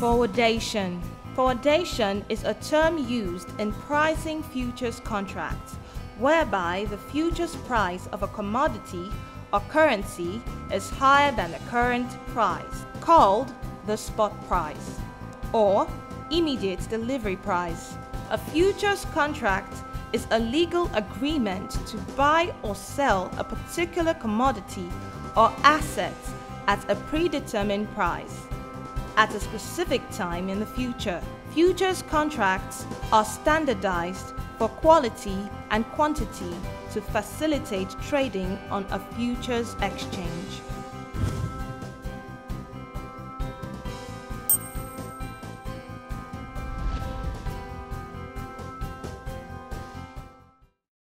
Forwardation. Forwardation is a term used in pricing futures contracts, whereby the futures price of a commodity or currency is higher than the current price, called the spot price, or immediate delivery price. A futures contract is a legal agreement to buy or sell a particular commodity or asset at a predetermined price at a specific time in the future. Futures contracts are standardized for quality and quantity to facilitate trading on a futures exchange.